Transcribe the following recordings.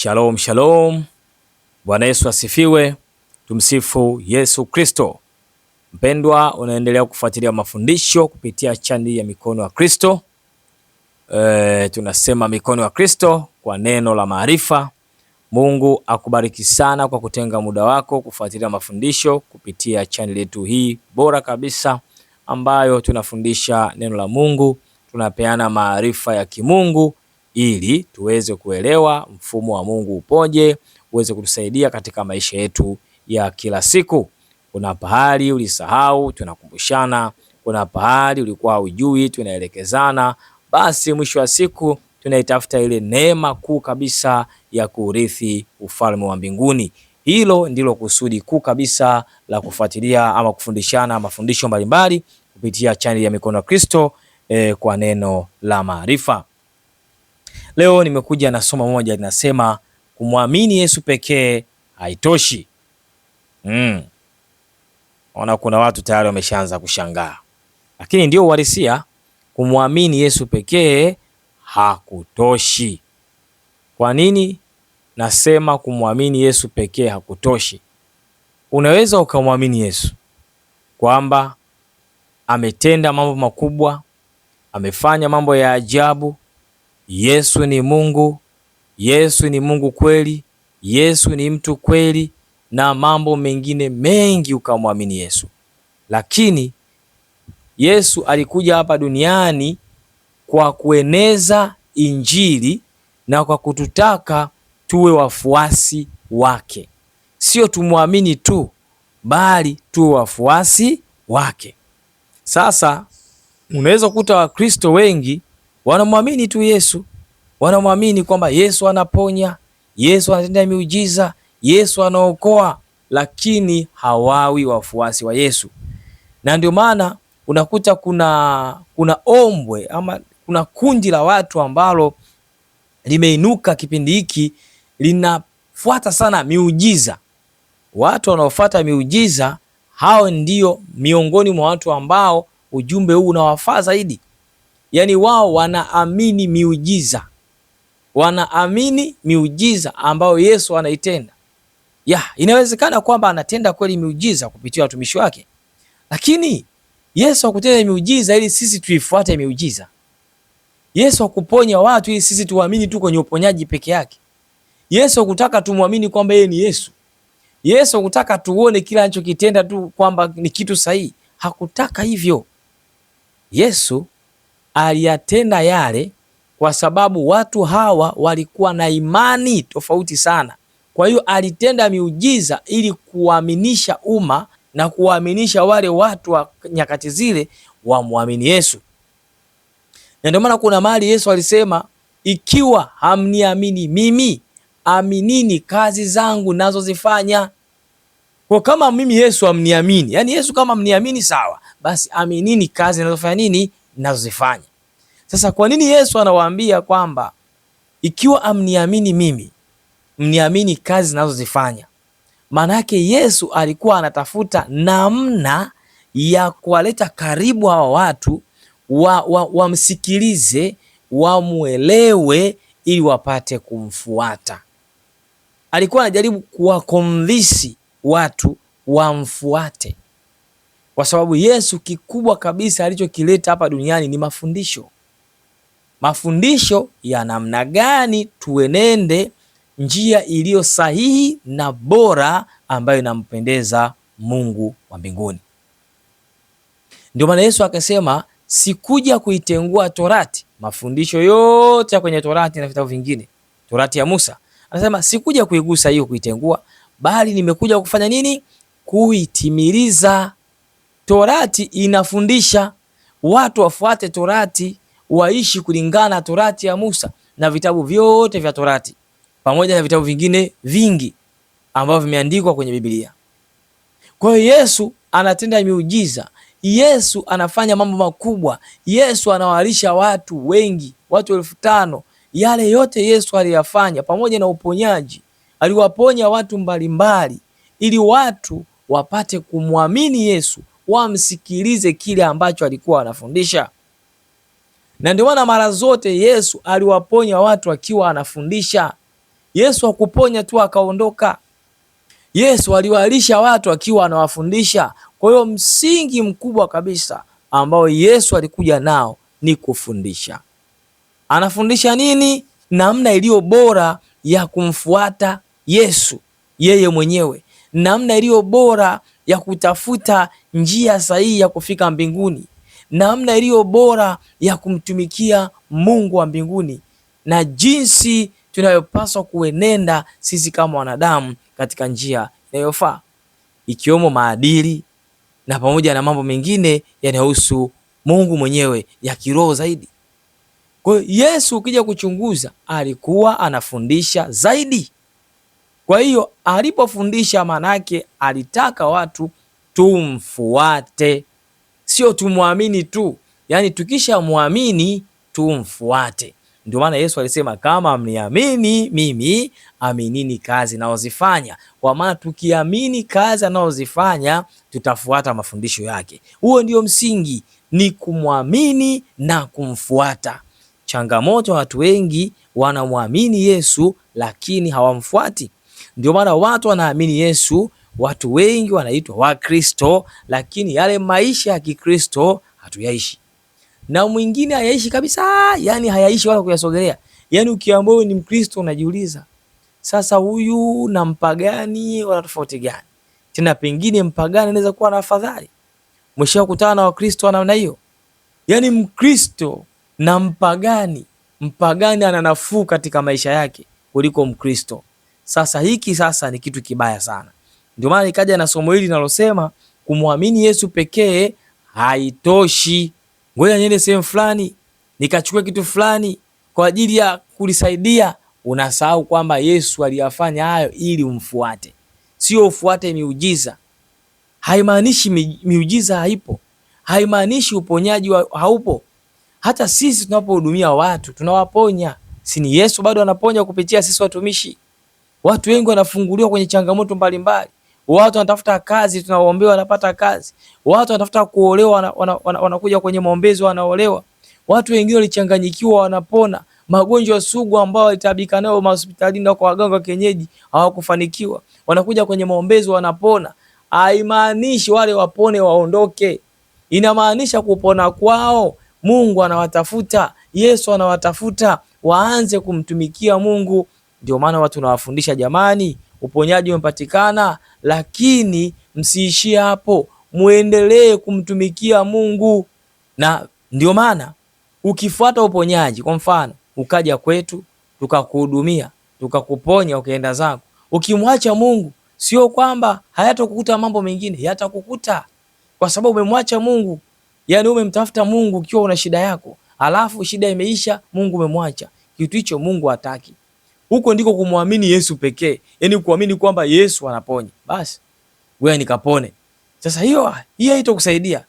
Shalom, shalom. Bwana Yesu asifiwe. Tumsifu Yesu Kristo. Mpendwa, unaendelea kufuatilia mafundisho kupitia chandi ya Mikono ya Kristo. E, tunasema Mikono ya Kristo kwa neno la maarifa. Mungu akubariki sana kwa kutenga muda wako kufuatilia mafundisho kupitia chaneli yetu hii bora kabisa, ambayo tunafundisha neno la Mungu, tunapeana maarifa ya kimungu ili tuweze kuelewa mfumo wa Mungu upoje, uweze kutusaidia katika maisha yetu ya kila siku. Kuna pahali ulisahau, tunakumbushana. Kuna pahali ulikuwa ujui tunaelekezana. Basi mwisho wa siku tunaitafuta ile neema kuu kabisa ya kuurithi ufalme wa mbinguni. Hilo ndilo kusudi kuu kabisa la kufuatilia ama kufundishana mafundisho mbalimbali kupitia chaneli ya Mikono ya Kristo eh, kwa neno la maarifa. Leo nimekuja na somo moja linasema kumwamini Yesu pekee haitoshi. Mm. Ona, kuna watu tayari wameshaanza kushangaa, lakini ndio uhalisia. Kumwamini Yesu pekee hakutoshi. Kwa nini nasema kumwamini Yesu pekee hakutoshi? Unaweza ukamwamini Yesu kwamba ametenda mambo makubwa, amefanya mambo ya ajabu, Yesu ni Mungu, Yesu ni Mungu kweli, Yesu ni mtu kweli, na mambo mengine mengi ukamwamini Yesu. Lakini Yesu alikuja hapa duniani kwa kueneza Injili na kwa kututaka tuwe wafuasi wake, sio tumwamini tu, bali tuwe wafuasi wake. Sasa unaweza kukuta Wakristo wengi wanamwamini tu Yesu, wanamwamini kwamba Yesu anaponya, Yesu anatenda miujiza, Yesu anaokoa, lakini hawawi wafuasi wa Yesu. Na ndio maana unakuta kuna kuna ombwe ama kuna kundi la watu ambalo limeinuka kipindi hiki linafuata sana miujiza. Watu wanaofuata miujiza hao ndio miongoni mwa watu ambao ujumbe huu unawafaa zaidi. Yaani wao wanaamini miujiza, wanaamini miujiza ambayo Yesu anaitenda. Ya, inawezekana kwamba anatenda kweli miujiza kupitia watumishi wake, lakini Yesu hakutenda miujiza ili sisi tuifuate miujiza. Yesu hakuponya watu ili sisi tuamini tu kwenye uponyaji peke yake. Yesu hakutaka tumwamini kwamba yeye ni Yesu. Yesu hakutaka tuone kila anachokitenda tu kwamba ni kitu sahihi. Hakutaka hivyo Yesu aliyatenda yale kwa sababu watu hawa walikuwa na imani tofauti sana. Kwa hiyo alitenda miujiza ili kuaminisha umma na kuwaaminisha wale watu wa nyakati zile wamwamini Yesu, na ndio maana kuna mahali Yesu alisema, ikiwa hamniamini mimi, aminini kazi zangu nazozifanya. Kwa kama mimi Yesu amniamini yani Yesu kama mniamini sawa, basi aminini kazi nazofanya nini nazozifanya. Sasa kwa nini Yesu anawaambia kwamba ikiwa amniamini mimi, mniamini kazi ninazozifanya? Maana yake Yesu alikuwa anatafuta namna ya kuwaleta karibu hawa watu wamsikilize wa, wa wamwelewe ili wapate kumfuata. Alikuwa anajaribu kuwakomvisi watu wamfuate kwa sababu Yesu kikubwa kabisa alichokileta hapa duniani ni mafundisho. Mafundisho ya namna gani tuenende njia iliyo sahihi na bora ambayo inampendeza Mungu wa mbinguni. Ndio maana Yesu akasema, sikuja kuitengua Torati, mafundisho yote kwenye Torati na vitabu vingine, Torati ya Musa. Anasema sikuja kuigusa hiyo, kuitengua, bali nimekuja kufanya nini? Kuitimiliza Torati inafundisha watu wafuate Torati, waishi kulingana na Torati ya Musa na vitabu vyote vya Torati pamoja na vitabu vingine vingi ambavyo vimeandikwa kwenye Biblia. Kwa hiyo Yesu anatenda miujiza, Yesu anafanya mambo makubwa, Yesu anawalisha watu wengi, watu elfu tano. Yale yote Yesu aliyafanya pamoja na uponyaji, aliwaponya watu mbalimbali ili watu wapate kumwamini Yesu wamsikilize kile ambacho alikuwa anafundisha. Na ndio maana mara zote Yesu aliwaponya watu akiwa anafundisha. Yesu hakuponya tu akaondoka. Yesu aliwalisha watu akiwa anawafundisha. Kwa hiyo msingi mkubwa kabisa ambao Yesu alikuja nao ni kufundisha. Anafundisha nini? Namna iliyo bora ya kumfuata Yesu yeye mwenyewe, namna iliyo bora ya kutafuta njia sahihi ya kufika mbinguni, namna iliyo bora ya kumtumikia Mungu wa mbinguni na jinsi tunayopaswa kuenenda sisi kama wanadamu katika njia inayofaa ikiwemo maadili na pamoja na mambo mengine yanayohusu Mungu mwenyewe ya kiroho zaidi. Kwa hiyo Yesu ukija kuchunguza alikuwa anafundisha zaidi. Kwa hiyo alipofundisha, maanake alitaka watu tumfuate, sio tumwamini tu, yaani tukishamwamini tumfuate. Ndio maana Yesu alisema kama mniamini mimi, aminini kazi naozifanya kwa maana tukiamini kazi anaozifanya tutafuata mafundisho yake. Huo ndio msingi, ni kumwamini na kumfuata. Changamoto, watu wengi wanamwamini Yesu lakini hawamfuati. Ndio maana watu wanaamini Yesu Watu wengi wanaitwa Wakristo, lakini yale maisha ya Kikristo hatuyaishi, na mwingine hayaishi kabisa, yani hayaishi wala kuyasogelea. Yani ukiambia wewe ni Mkristo unajiuliza sasa, huyu na mpagani wana tofauti gani? Tena pengine mpagani anaweza kuwa na afadhali. Umeshakutana na Wakristo wa namna hiyo? Yani Mkristo na mpagani, mpagani ana nafuu katika maisha yake kuliko Mkristo. Sasa hiki sasa ni kitu kibaya sana. Ndio maana ikaja na somo hili linalosema kumwamini Yesu pekee haitoshi. Ngoja niende sehemu fulani nikachukue kitu fulani kwa ajili ya kulisaidia. Unasahau kwamba Yesu aliyafanya hayo ili umfuate, sio ufuate miujiza. Haimaanishi miujiza haipo, haimaanishi uponyaji haupo. Hata sisi tunapohudumia watu tunawaponya, si ni Yesu bado anaponya kupitia sisi watumishi. Watu wengi wanafunguliwa kwenye changamoto mbalimbali watu wanatafuta kazi, tunaombewa wanapata kazi, watu wanatafuta kuolewa wanakuja wana, wana, wana kwenye maombezi wanaolewa, watu wengine walichanganyikiwa wanapona magonjwa sugu ambao walitabika nayo mahospitalini na kwa waganga wa kienyeji hawakufanikiwa, wanakuja kwenye maombezi wanapona. Haimaanishi wale wapone waondoke, inamaanisha kupona kwao Mungu anawatafuta, Yesu anawatafuta, waanze kumtumikia Mungu. Ndio maana watu nawafundisha, jamani, uponyaji umepatikana lakini msiishie hapo, muendelee kumtumikia Mungu. Na ndio maana ukifuata uponyaji, kwa mfano ukaja kwetu tukakuhudumia tukakuponya ukaenda zako, ukimwacha Mungu, sio kwamba hayatakukuta mambo mengine, yatakukuta kwa sababu umemwacha Mungu. Yani umemtafuta Mungu ukiwa una shida yako, alafu shida imeisha, Mungu umemwacha. Kitu hicho Mungu hataki. Huko ndiko kumwamini Yesu pekee, yaani kuamini kwamba Yesu anaponya, basi wewe nikapone. Sasa hiyo hiyo haitakusaidia.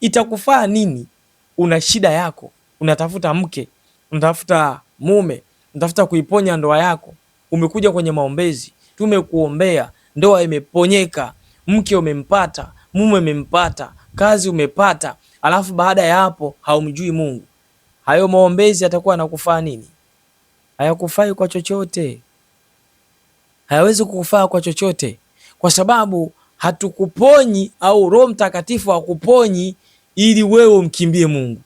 Itakufaa nini? Una shida yako, unatafuta mke, unatafuta mume, unatafuta kuiponya ndoa yako. Umekuja kwenye maombezi, tumekuombea, ndoa imeponyeka, mke umempata, mume umempata, kazi umepata, alafu baada ya hapo haumjui Mungu. Hayo maombezi yatakuwa yanakufaa nini? hayakufai kwa chochote, hayawezi kukufaa kwa chochote, kwa sababu hatukuponyi au Roho Mtakatifu hakuponyi ili wewe umkimbie Mungu.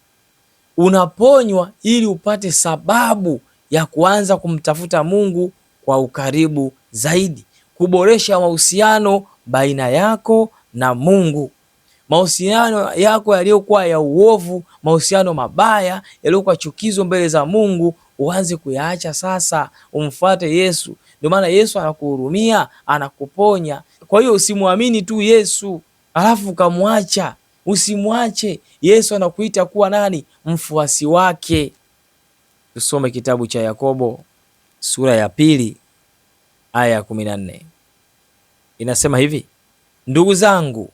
Unaponywa ili upate sababu ya kuanza kumtafuta Mungu kwa ukaribu zaidi, kuboresha mahusiano baina yako na Mungu, mahusiano yako yaliyokuwa ya uovu, mahusiano mabaya yaliyokuwa chukizo mbele za Mungu uanze kuyaacha sasa, umfuate Yesu. Ndio maana Yesu anakuhurumia, anakuponya. Kwa hiyo usimwamini tu Yesu alafu ukamwacha, usimwache. Yesu anakuita kuwa nani? Mfuasi wake. Tusome kitabu cha Yakobo sura ya pili aya ya kumi na nne inasema hivi: ndugu zangu,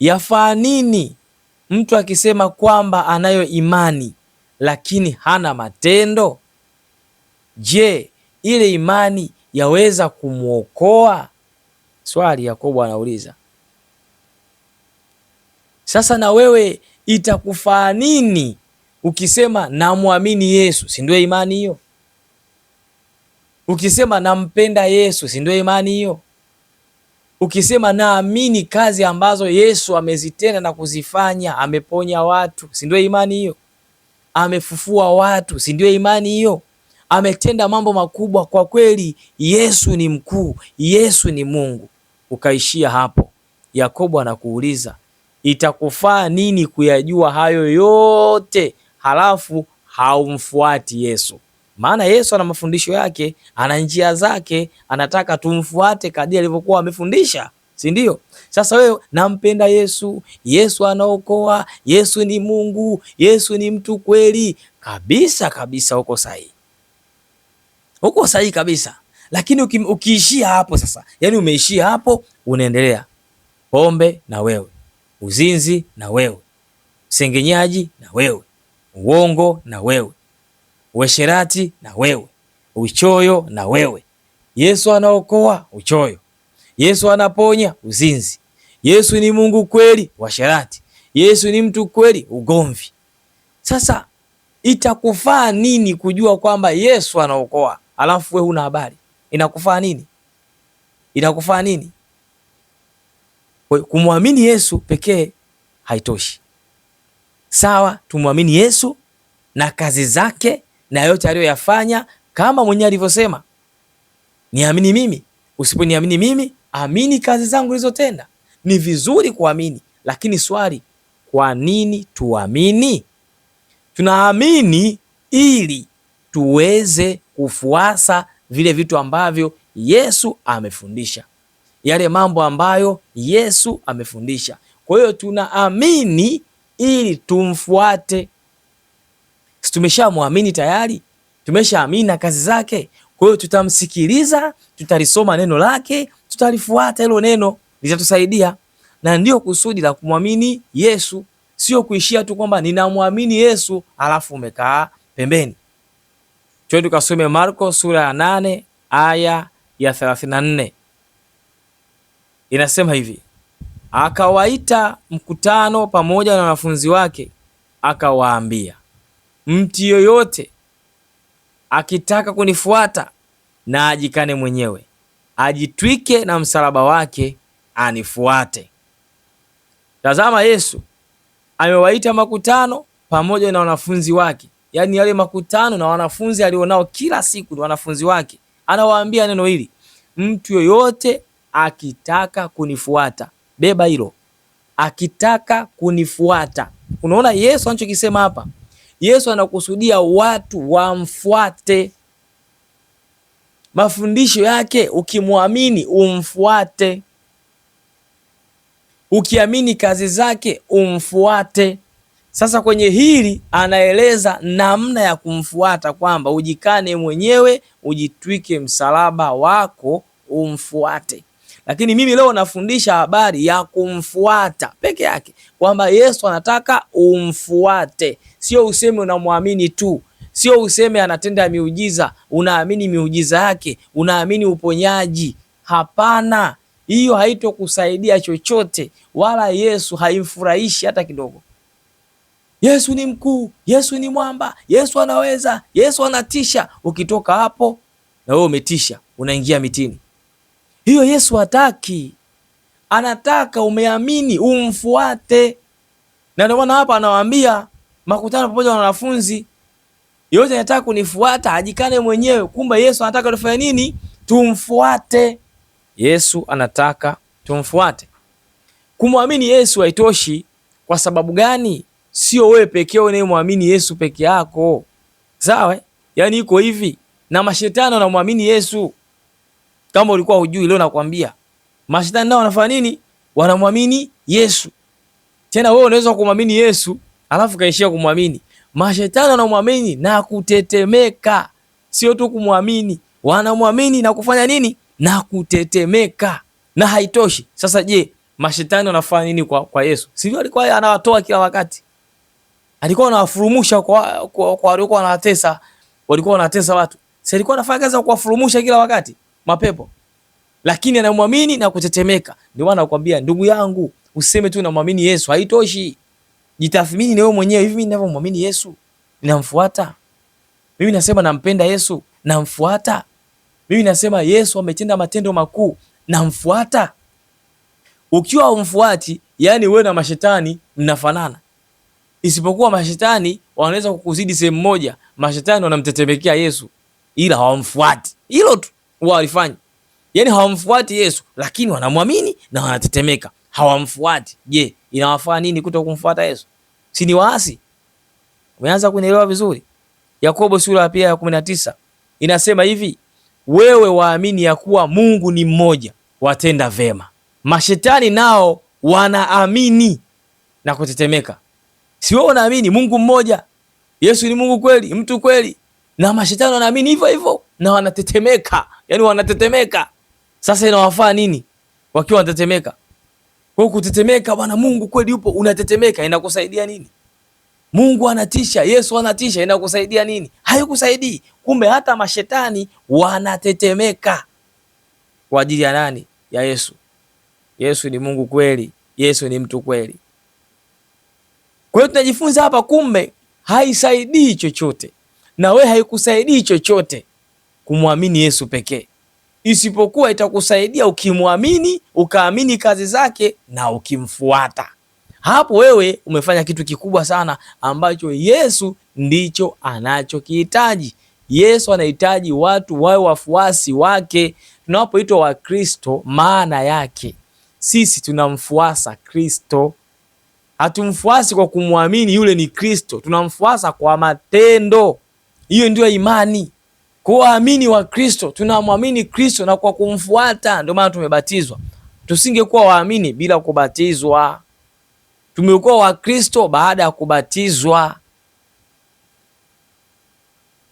yafaa nini mtu akisema kwamba anayo imani lakini hana matendo? Je, ile imani yaweza kumwokoa? Swali Yakobo anauliza. Sasa na wewe itakufaa nini ukisema namwamini Yesu? Si ndio imani hiyo? Ukisema nampenda Yesu, si ndio imani hiyo? Ukisema naamini kazi ambazo Yesu amezitenda na kuzifanya, ameponya watu, si ndio imani hiyo? amefufua watu, si ndio imani hiyo? Ametenda mambo makubwa kwa kweli. Yesu ni mkuu, Yesu ni Mungu. Ukaishia hapo. Yakobo anakuuliza itakufaa nini kuyajua hayo yote halafu haumfuati Yesu? Maana Yesu ana mafundisho yake, ana njia zake, anataka tumfuate kadri alivyokuwa amefundisha si ndio? Sasa wewe, nampenda Yesu, Yesu anaokoa, Yesu ni Mungu, Yesu ni mtu kweli kabisa kabisa, uko sahihi, uko sahihi kabisa. Lakini uki, ukiishia hapo sasa, yani umeishia hapo, unaendelea pombe na wewe, uzinzi na wewe, usengenyaji na wewe, uongo na wewe, uesherati na wewe, uchoyo na wewe. Yesu anaokoa uchoyo Yesu anaponya uzinzi. Yesu ni Mungu kweli, washarati. Yesu ni mtu kweli, ugomvi. Sasa itakufaa nini kujua kwamba Yesu anaokoa alafu wewe huna habari? Inakufaa nini? Inakufaa nini? Kumwamini Yesu pekee haitoshi. Sawa, tumwamini Yesu na kazi zake na yote aliyoyafanya, kama mwenyewe alivyosema, niamini mimi, usiponiamini mimi amini kazi zangu nilizotenda. Ni vizuri kuamini, lakini swali, kwa nini tuamini? Tunaamini ili tuweze kufuasa vile vitu ambavyo Yesu amefundisha, yale mambo ambayo Yesu amefundisha. Kwa hiyo tunaamini ili tumfuate. Si tumeshamwamini tayari? Tumeshaamini na kazi zake. Kwa hiyo tutamsikiliza, tutalisoma neno lake, tutalifuata hilo neno, litatusaidia. Na ndio kusudi la kumwamini Yesu, sio kuishia tu kwamba ninamwamini Yesu alafu umekaa pembeni. Twende tukasome Marko sura ya nane aya ya 34. Inasema hivi: akawaita mkutano pamoja na wanafunzi wake, akawaambia, mtu yoyote akitaka kunifuata na ajikane mwenyewe, ajitwike na msalaba wake anifuate. Tazama, Yesu amewaita makutano pamoja na wanafunzi wake, yaani yale makutano na wanafunzi alionao kila siku ni wanafunzi wake. Anawaambia neno hili, mtu yoyote akitaka kunifuata, beba hilo, akitaka kunifuata. Unaona Yesu anachokisema hapa Yesu anakusudia watu wamfuate, mafundisho yake ukimwamini umfuate, ukiamini kazi zake umfuate. Sasa kwenye hili anaeleza namna ya kumfuata kwamba ujikane mwenyewe, ujitwike msalaba wako umfuate. Lakini mimi leo nafundisha habari ya kumfuata peke yake, kwamba Yesu anataka umfuate, sio useme unamwamini tu, sio useme anatenda miujiza, unaamini miujiza yake, unaamini uponyaji. Hapana, hiyo haitokusaidia chochote, wala Yesu haimfurahishi hata kidogo. Yesu ni mkuu, Yesu ni mwamba, Yesu anaweza, Yesu anatisha. Ukitoka hapo na wewe umetisha, unaingia mitini. Hiyo Yesu hataki, anataka umeamini umfuate. Na ndio maana hapa anawaambia makutano pamoja na wanafunzi, yote anataka kunifuata ajikane mwenyewe. Kumbe Yesu anataka tufanye nini? Tumfuate. Yesu anataka tumfuate. Kumwamini Yesu haitoshi. Kwa sababu gani? Sio wewe pekee unayemwamini Yesu peke yako, sawa? Yaani iko hivi na mashetani wanamwamini Yesu kama ulikuwa hujui, leo nakwambia mashetani nao wanafanya nini? Wanamwamini Yesu. Tena wewe unaweza kumwamini Yesu alafu kaishia kumwamini mashetani. Wanamwamini na kutetemeka, sio tu kumwamini, wanamwamini na kufanya nini? Na kutetemeka. Na haitoshi. Sasa je, mashetani wanafanya nini kwa, kwa Yesu? Sivyo, alikuwa anawatoa kila wakati, alikuwa anawafurumusha kwa, kwa, kwa waliokuwa wanawatesa, walikuwa wanatesa watu, si alikuwa anafanya kazi ya kuwafurumusha kila wakati mapepo, lakini anamwamini na kutetemeka. Ndio maana nakwambia ndugu yangu, useme tu namwamini Yesu haitoshi. Jitathmini na wewe mwenyewe, hivi mimi ninavyomwamini Yesu ninamfuata? Mimi nasema nampenda Yesu, namfuata? Mimi nasema Yesu ametenda matendo makuu, namfuata? Ukiwa umfuati, yani wewe na mashetani mnafanana, isipokuwa mashetani wanaweza kukuzidi sehemu moja. Mashetani wanamtetemekea Yesu, ila hawamfuati, hilo tu huwa walifanya, yani hawamfuati Yesu, lakini wanamwamini na wanatetemeka, hawamfuati. Je, inawafaa nini kuto kumfuata Yesu? Si ni waasi? Umeanza kunielewa vizuri? Yakobo sura pia ya 19 inasema hivi, wewe waamini ya kuwa Mungu ni mmoja, watenda vema. Mashetani nao wanaamini na kutetemeka. Si wewe unaamini Mungu mmoja, Yesu ni Mungu kweli, mtu kweli, na mashetani wanaamini hivyo hivyo na wanatetemeka, yani wanatetemeka. Sasa inawafaa nini wakiwa wanatetemeka? Kwa kutetemeka, Bwana Mungu kweli yupo, unatetemeka, inakusaidia nini? Mungu anatisha, Yesu anatisha, inakusaidia nini? Haikusaidii. Kumbe hata mashetani wanatetemeka kwa ajili ya nani? Ya Yesu. Yesu ni Mungu kweli, Yesu ni mtu kweli. Kwa hiyo tunajifunza hapa, kumbe haisaidii chochote na we haikusaidii chochote kumwamini Yesu pekee, isipokuwa itakusaidia ukimwamini, ukaamini kazi zake na ukimfuata. Hapo wewe umefanya kitu kikubwa sana ambacho Yesu ndicho anachokihitaji. Yesu anahitaji watu wawe wafuasi wake. Tunapoitwa Wakristo, maana yake sisi tunamfuasa Kristo. Hatumfuasi kwa kumwamini yule ni Kristo, tunamfuasa kwa matendo. Hiyo ndiyo imani. Kuwaamini wa Kristo, tunamwamini Kristo na kwa kumfuata, ndio maana tumebatizwa. Tusingekuwa waamini bila kubatizwa. Tumekuwa Wakristo baada ya kubatizwa,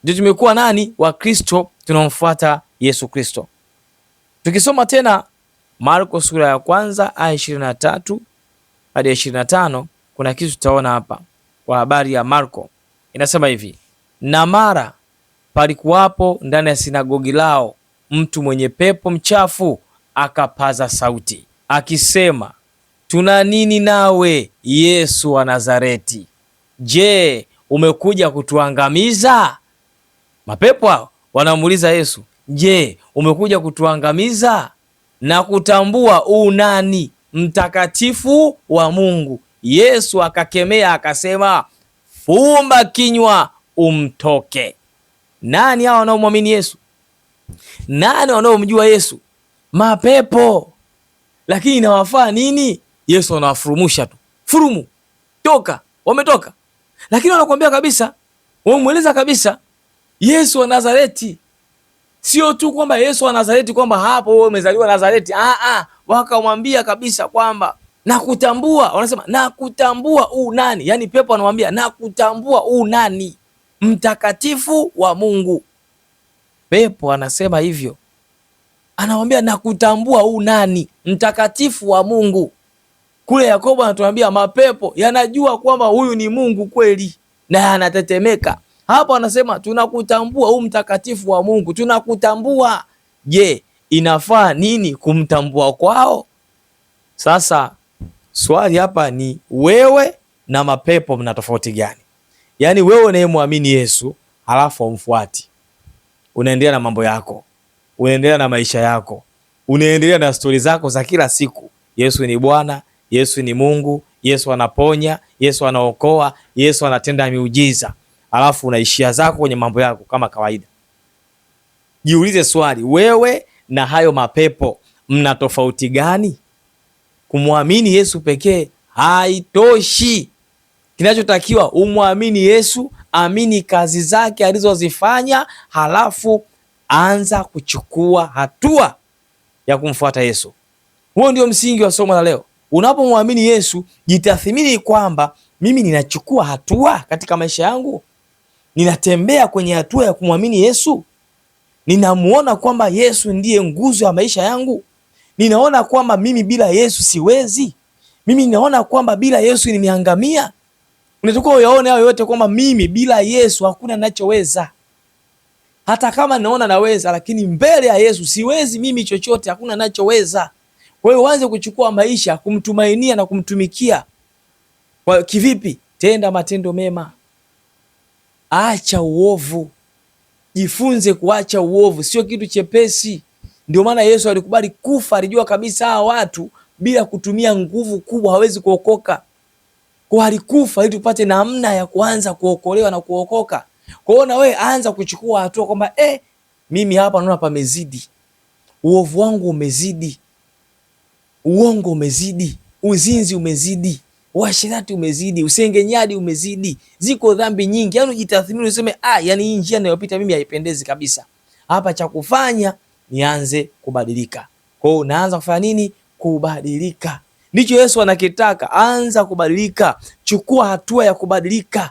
ndio tumekuwa nani? Wakristo tunamfuata Yesu Kristo. Tukisoma tena Marko sura ya kwanza aya ishirini na tatu hadi ya ishirini na tano kuna kitu tutaona hapa kwa habari ya Marko, inasema hivi: na mara palikuwapo ndani ya sinagogi lao mtu mwenye pepo mchafu, akapaza sauti akisema, tuna nini nawe Yesu wa Nazareti? Je, umekuja kutuangamiza? Mapepo hao wanamuuliza Yesu, je, umekuja kutuangamiza? na kutambua u nani mtakatifu wa Mungu. Yesu akakemea akasema, fumba kinywa, umtoke. Nani hao wanaomwamini Yesu? Nani wanaomjua Yesu? Mapepo. Lakini inawafaa nini? Yesu anawafurumusha tu, furumu, toka, wametoka. Lakini wanakuambia kabisa, wamemweleza kabisa Yesu wa Nazareti. Sio tu kwamba Yesu wa Nazareti, kwamba hapo wewe umezaliwa Nazareti. Ah, ah, wakamwambia kabisa kwamba nakutambua, wanasema nakutambua, u nani? Yaani pepo anamwambia nakutambua, u nani? mtakatifu wa Mungu. Pepo anasema hivyo, anamwambia nakutambua huu nani, mtakatifu wa Mungu. Kule Yakobo anatuambia mapepo yanajua kwamba huyu ni Mungu kweli na yanatetemeka. Hapo anasema tunakutambua huu mtakatifu wa Mungu, tunakutambua. Je, inafaa nini kumtambua kwao? Sasa swali hapa ni wewe na mapepo mna tofauti gani? Yaani wewe unayemwamini Yesu halafu umfuati, unaendelea na mambo yako, unaendelea na maisha yako, unaendelea na stori zako za kila siku. Yesu ni Bwana, Yesu ni Mungu, Yesu anaponya, Yesu anaokoa, Yesu anatenda miujiza, alafu unaishia zako kwenye mambo yako kama kawaida. Jiulize swali, wewe na hayo mapepo mna tofauti gani? Kumwamini Yesu pekee haitoshi. Kinachotakiwa umwamini Yesu, amini kazi zake alizozifanya, halafu anza kuchukua hatua ya kumfuata Yesu. Huo ndio msingi wa somo la leo. Unapomwamini Yesu, jitathimini kwamba mimi ninachukua hatua katika maisha yangu, ninatembea kwenye hatua ya kumwamini Yesu, ninamuona kwamba Yesu ndiye nguzo ya maisha yangu, ninaona kwamba mimi bila Yesu siwezi, mimi ninaona kwamba bila Yesu nimeangamia. Unatakiwa uyaone hayo yote kwamba mimi bila Yesu hakuna ninachoweza. Hata kama naona naweza, lakini mbele ya Yesu siwezi mimi chochote, hakuna ninachoweza. Kwa hiyo uanze kuchukua maisha kumtumainia na kumtumikia kwa kivipi? Tenda matendo mema, acha uovu, jifunze kuacha uovu. Sio kitu chepesi. Ndio maana Yesu alikubali kufa, alijua kabisa hawa watu bila kutumia nguvu kubwa hawezi kuokoka kwa alikufa ili tupate namna ya kuanza kuokolewa na kuokoka. Kwa hiyo na wewe anza kuchukua hatua kwamba eh, mimi hapa naona pamezidi, uovu wangu umezidi, uongo umezidi, uzinzi umezidi, uasherati umezidi, usengenyadi umezidi. Ziko dhambi nyingi, yaani ujitathmini, useme ah, yani hii njia ninayopita mimi haipendezi kabisa. Hapa cha kufanya nianze kubadilika. Kwa hiyo unaanza kufanya nini? Kubadilika. Ndicho Yesu anakitaka. Anza kubadilika, chukua hatua ya kubadilika.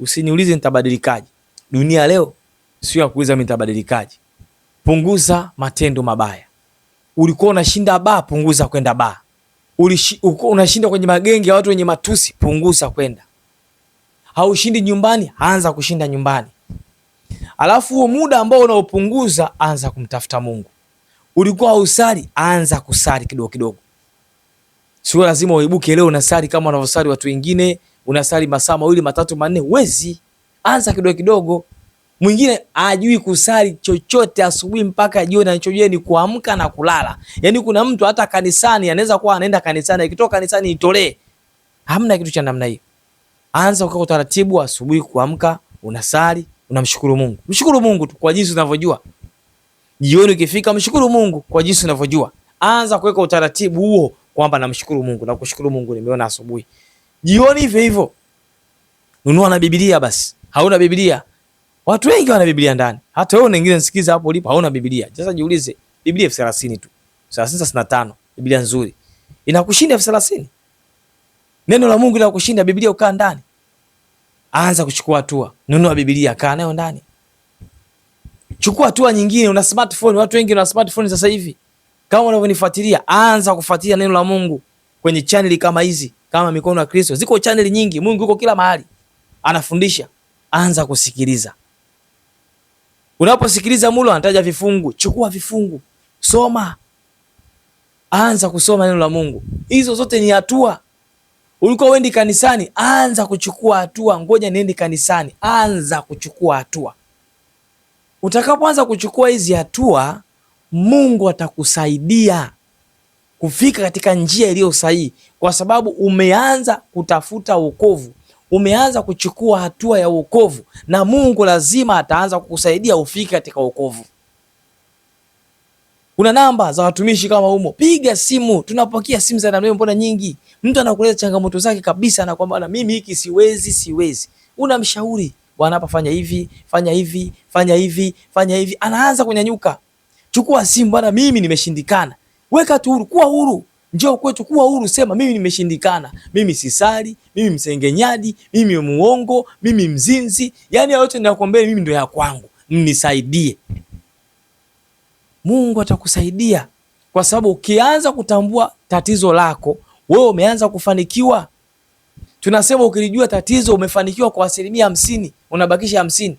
Usiniulize nitabadilikaje. Dunia leo sio ya kuuliza mimi nitabadilikaje. Punguza matendo mabaya. Ulikuwa unashinda ba, punguza kwenda ba. Ulikuwa Unashinda kwenye magenge ya watu wenye matusi, punguza kwenda. Haushindi nyumbani, anza kushinda nyumbani. Alafu huo muda ambao unaopunguza, anza kumtafuta Mungu. Ulikuwa usali, anza kusali kidogo kidogo. Sio lazima uibuke leo unasali kama wanavyosali watu wengine, unasali masaa mawili matatu manne, wezi anza kidogo kidogo. Mwingine ajui kusali chochote asubuhi mpaka jioni, anachojua ni kuamka na kulala. Yani kuna mtu hata kanisani anaweza kuwa anaenda kanisani, akitoka kanisani itolee. Hamna kitu cha namna hiyo. Anza kwa utaratibu, asubuhi kuamka unasali, unamshukuru Mungu. Mshukuru Mungu tu kwa jinsi unavyojua. Jioni ukifika, mshukuru Mungu kwa jinsi unavyojua. Anza kuweka utaratibu huo kwamba namshukuru Mungu na kushukuru Mungu nimeona asubuhi. Jioni hivyo hivyo. Nunua na Biblia basi. Hauna Biblia? Watu wengi wana Biblia ndani. Hata wewe unaingia nisikiza hapo ulipo hauna Biblia. Sasa jiulize, Biblia elfu thelathini tu. Thelathini thelathini na tano, Biblia nzuri. Inakushinda elfu thelathini. Neno la Mungu linakushinda Biblia ukaa ndani. Anza kuchukua hatua. Nunua Biblia, kaa nayo ndani. Chukua hatua nyingine, una smartphone, watu wengi wana smartphone sasa hivi. Kama unavyonifuatilia, anza kufuatilia neno la Mungu kwenye chaneli kama hizi, kama Mikono ya Kristo. Ziko chaneli nyingi, Mungu yuko kila mahali anafundisha. Anza kusikiliza. Unaposikiliza mulo anataja vifungu, chukua vifungu, soma, anza kusoma neno la Mungu. Hizo zote ni hatua. Ulikuwa uendi kanisani, anza kuchukua hatua. Ngoja niende kanisani, anza kuchukua hatua. Utakapoanza kuchukua hizi hatua Mungu atakusaidia kufika katika njia iliyo sahihi, kwa sababu umeanza kutafuta wokovu, umeanza kuchukua hatua ya wokovu, na Mungu lazima ataanza kukusaidia ufike katika wokovu. Kuna namba za watumishi kama humo, piga simu. Tunapokea simu za namna hiyo, mbona nyingi. Mtu anakueleza changamoto zake kabisa, na kwamba mimi hiki siwezi, siwezi. Unamshauri bwana, hapa fanya hivi, fanya hivi, fanya hivi, fanya hivi, anaanza kunyanyuka chukua simu bwana, mimi nimeshindikana. Weka tu huru, kuwa huru, njoo kwetu, kuwa huru, sema mimi nimeshindikana, mimi sisali, mimi msengenyaji, mimi muongo, mimi mzinzi, yani yote ninakwambia mimi ndio ya kwangu, mnisaidie. Mungu atakusaidia kwa sababu ukianza kutambua tatizo lako wewe umeanza kufanikiwa. Tunasema ukilijua tatizo umefanikiwa kwa asilimia hamsini, unabakisha hamsini.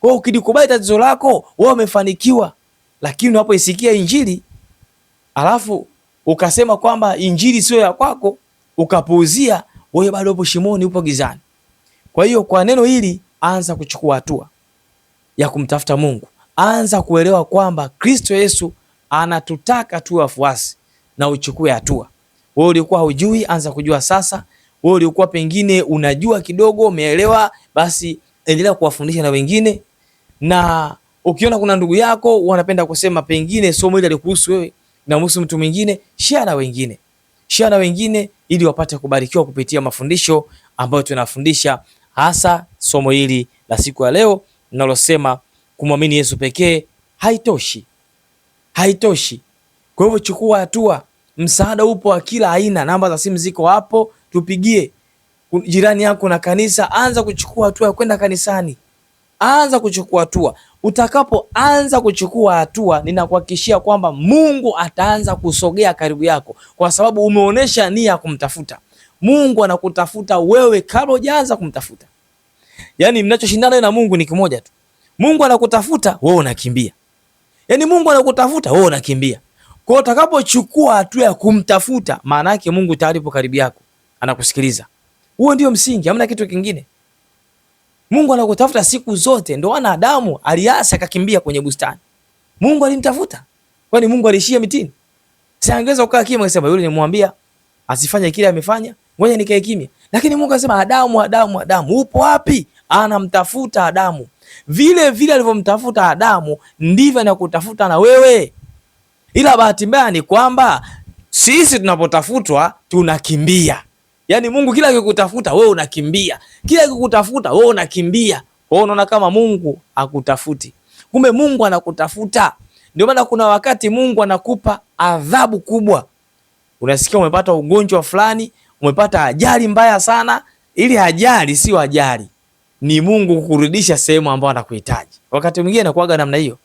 Kwa hiyo ukilikubali tatizo lako wewe umefanikiwa lakini unapoisikia injili alafu ukasema kwamba injili sio ya kwako, ukapuuzia, wewe bado upo shimoni, upo gizani. Kwa hiyo kwa neno hili, anza kuchukua hatua ya kumtafuta Mungu. Anza kuelewa kwamba Kristo Yesu anatutaka tuwe wafuasi, na uchukue hatua. Wewe ulikuwa hujui, anza kujua sasa. Wewe ulikuwa pengine unajua kidogo, umeelewa, basi endelea kuwafundisha na wengine na Ukiona kuna ndugu yako wanapenda kusema pengine somo hili alikuhusu wewe na mhusu mtu mwingine, share na wengine, share na wengine ili wapate kubarikiwa kupitia mafundisho ambayo tunafundisha, hasa somo hili la siku ya leo nalosema kumwamini Yesu pekee haitoshi, haitoshi. Kwa hivyo chukua hatua, msaada upo wa kila aina. Namba za simu ziko hapo, tupigie. Jirani yako na kanisa, anza kuchukua hatua ya kwenda kanisani, anza kuchukua hatua. Utakapoanza kuchukua hatua, ninakuhakikishia kwamba Mungu ataanza kusogea karibu yako, kwa sababu umeonyesha nia ya kumtafuta Mungu. Anakutafuta wewe kabla hujaanza kumtafuta. Yaani mnachoshindana na Mungu ni kimoja tu. Mungu anakutafuta wewe unakimbia. Yaani Mungu anakutafuta wewe unakimbia. Kwa hiyo utakapochukua hatua ya kumtafuta, maana yake Mungu tayari yupo karibu yako, anakusikiliza. Huo ndio msingi, hamna kitu kingine. Mungu anakutafuta siku zote. Ndio maana Adamu aliasi akakimbia kwenye bustani. Mungu alimtafuta. Kwani Mungu alishia mitini? Si angeweza kukaa kimya akasema yule nimwambia asifanye kile amefanya, ngoja nikae kimya. Lakini Mungu akasema Adamu, Adamu, Adamu, upo wapi? Anamtafuta Adamu. Vile vile alivyomtafuta Adamu ndivyo anakutafuta na wewe. Ila bahati mbaya ni kwamba sisi tunapotafutwa tunakimbia. Yaani Mungu kila akikutafuta wewe unakimbia. Kila akikutafuta wewe unakimbia. Wewe unaona kama Mungu akutafuti. Kumbe Mungu anakutafuta. Ndio maana kuna wakati Mungu anakupa adhabu kubwa. Unasikia umepata ugonjwa fulani, umepata ajali mbaya sana. Ili ajali sio ajali, ni Mungu kukurudisha sehemu ambayo anakuhitaji. Wakati mwingine inakuwaga namna hiyo,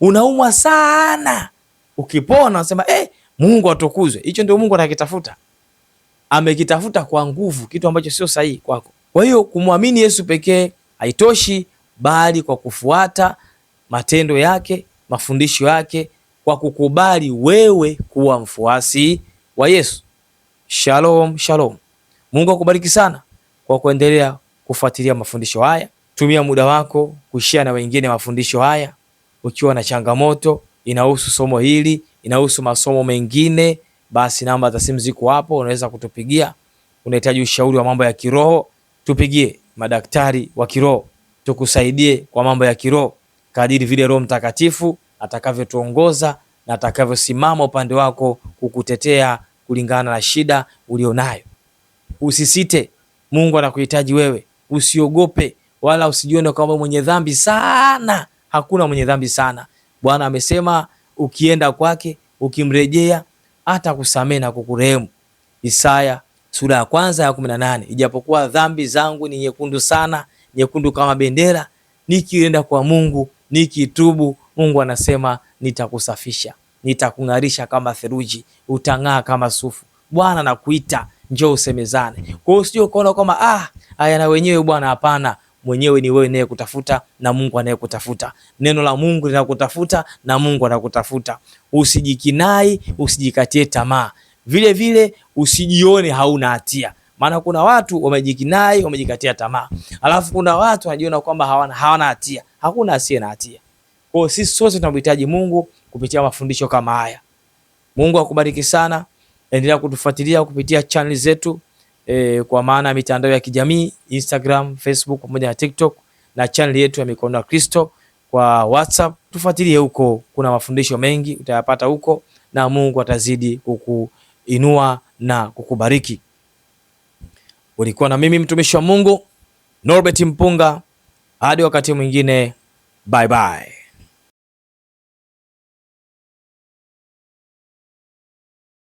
unaumwa sana, ukipona unasema eh, Mungu atukuzwe. Hicho ndio Mungu anakitafuta amekitafuta kwa nguvu kitu ambacho sio sahihi kwako. Kwa hiyo kumwamini Yesu pekee haitoshi, bali kwa kufuata matendo yake, mafundisho yake, kwa kukubali wewe kuwa mfuasi wa Yesu. Shalom, shalom. Mungu akubariki sana kwa kuendelea kufuatilia mafundisho haya. Tumia muda wako kushia na wengine mafundisho haya. Ukiwa na changamoto inahusu somo hili, inahusu masomo mengine basi namba za simu ziko hapo, unaweza kutupigia. Unahitaji ushauri wa mambo ya kiroho, tupigie madaktari wa kiroho tukusaidie kwa mambo ya kiroho kadiri vile Roho Mtakatifu atakavyotuongoza na atakavyosimama upande wako kukutetea kulingana na shida ulionayo. Usisite, Mungu anakuhitaji wewe, usiogope wala usijione kama mwenye dhambi sana. Hakuna mwenye dhambi sana. Bwana amesema ukienda kwake, ukimrejea atakusamehe na kukurehemu. Isaya sura ya kwanza ya kumi na nane ijapokuwa dhambi zangu ni nyekundu sana, nyekundu kama bendera, nikienda kwa Mungu nikitubu, Mungu anasema nitakusafisha, nitakung'arisha kama theluji, utang'aa kama sufu. Bwana nakuita, njoo usemezane. Kwa hiyo usije ukaona kwamba ah, haya na wenyewe bwana, hapana mwenyewe ni wewe kutafuta na Mungu anayekutafuta. Neno la Mungu linakutafuta na Mungu anakutafuta. Usijikinai, usijikatie tamaa, vile vile usijione hauna hatia, maana kuna watu wamejikinai, wamejikatia tamaa, alafu kuna watu wanajiona kwamba hawana, hawana hatia. Hakuna asiye na hatia. Kwa hiyo sisi sote tunamhitaji Mungu kupitia mafundisho kama haya. Mungu akubariki sana, endelea kutufuatilia kupitia channel zetu e, kwa maana ya mitandao ya kijamii Instagram, Facebook pamoja na TikTok na channel yetu ya Mikono ya Kristo kwa WhatsApp. Tufuatilie huko, kuna mafundisho mengi utayapata huko, na Mungu atazidi kukuinua na kukubariki. Ulikuwa na mimi mtumishi wa Mungu Norbert Mpunga, hadi wakati mwingine, bye bye.